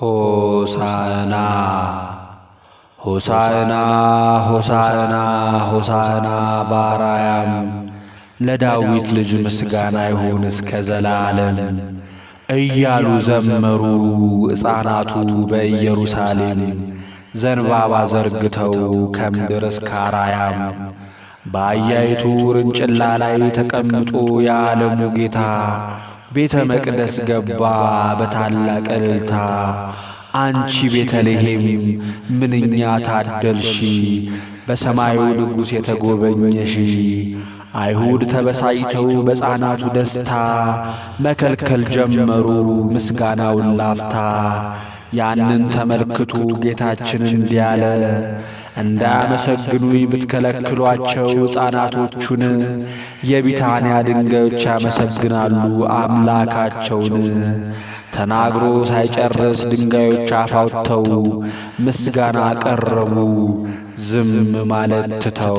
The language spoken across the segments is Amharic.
ሆሳዕና ሆሳዕና ሆሳዕና ሆሳዕና በአርያም ለዳዊት ልጅ ምስጋና ይሁን እስከ ዘላለም እያሉ ዘመሩ። ሕፃናቱ በኢየሩሳሌም ዘንባባ ዘርግተው ከምድር እስከ አራያም በአያይቱ ውርንጭላ ላይ ተቀምጦ የዓለሙ ጌታ ቤተ መቅደስ ገባ በታላቅ እልልታ። አንቺ ቤተልሔም ምንኛ ታደልሺ፣ በሰማዩ ንጉሥ የተጎበኘሽ። አይሁድ ተበሳጭተው በሕፃናቱ ደስታ መከልከል ጀመሩ ምስጋናውን ላፍታ። ያንን ተመልክቱ ጌታችን እንዲያለ እንዳመሰግኑ ብትከለክሏቸው ሕፃናቶቹን የቢታንያ ድንጋዮች ያመሰግናሉ አምላካቸውን። ተናግሮ ሳይጨርስ ድንጋዮች አፋውተው ምስጋና አቀረቡ፣ ዝም ማለት ትተው።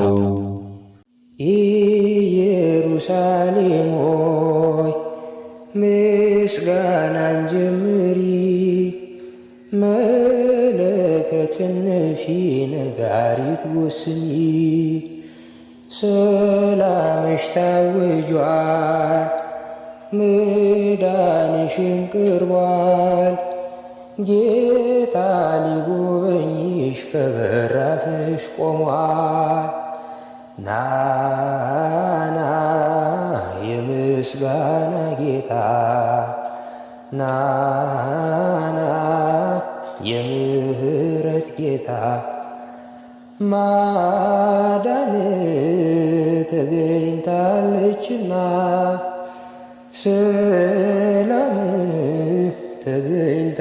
ኢየሩሳሌም ሆይ ምስጋናን ጀምሪ መለከትነፊ ነጋሪት ወስኒ ሰላምሽ ታውጇል፣ ምዳንሽን ቅርቧል። ጌታ ሊጎበኝሽ ከበራፍሽ ቆሟል። ናና የምስጋና ጌታ ና የምህረት ጌታ ማዳን ተገኝታለችና ሰላም ተገኝታለችና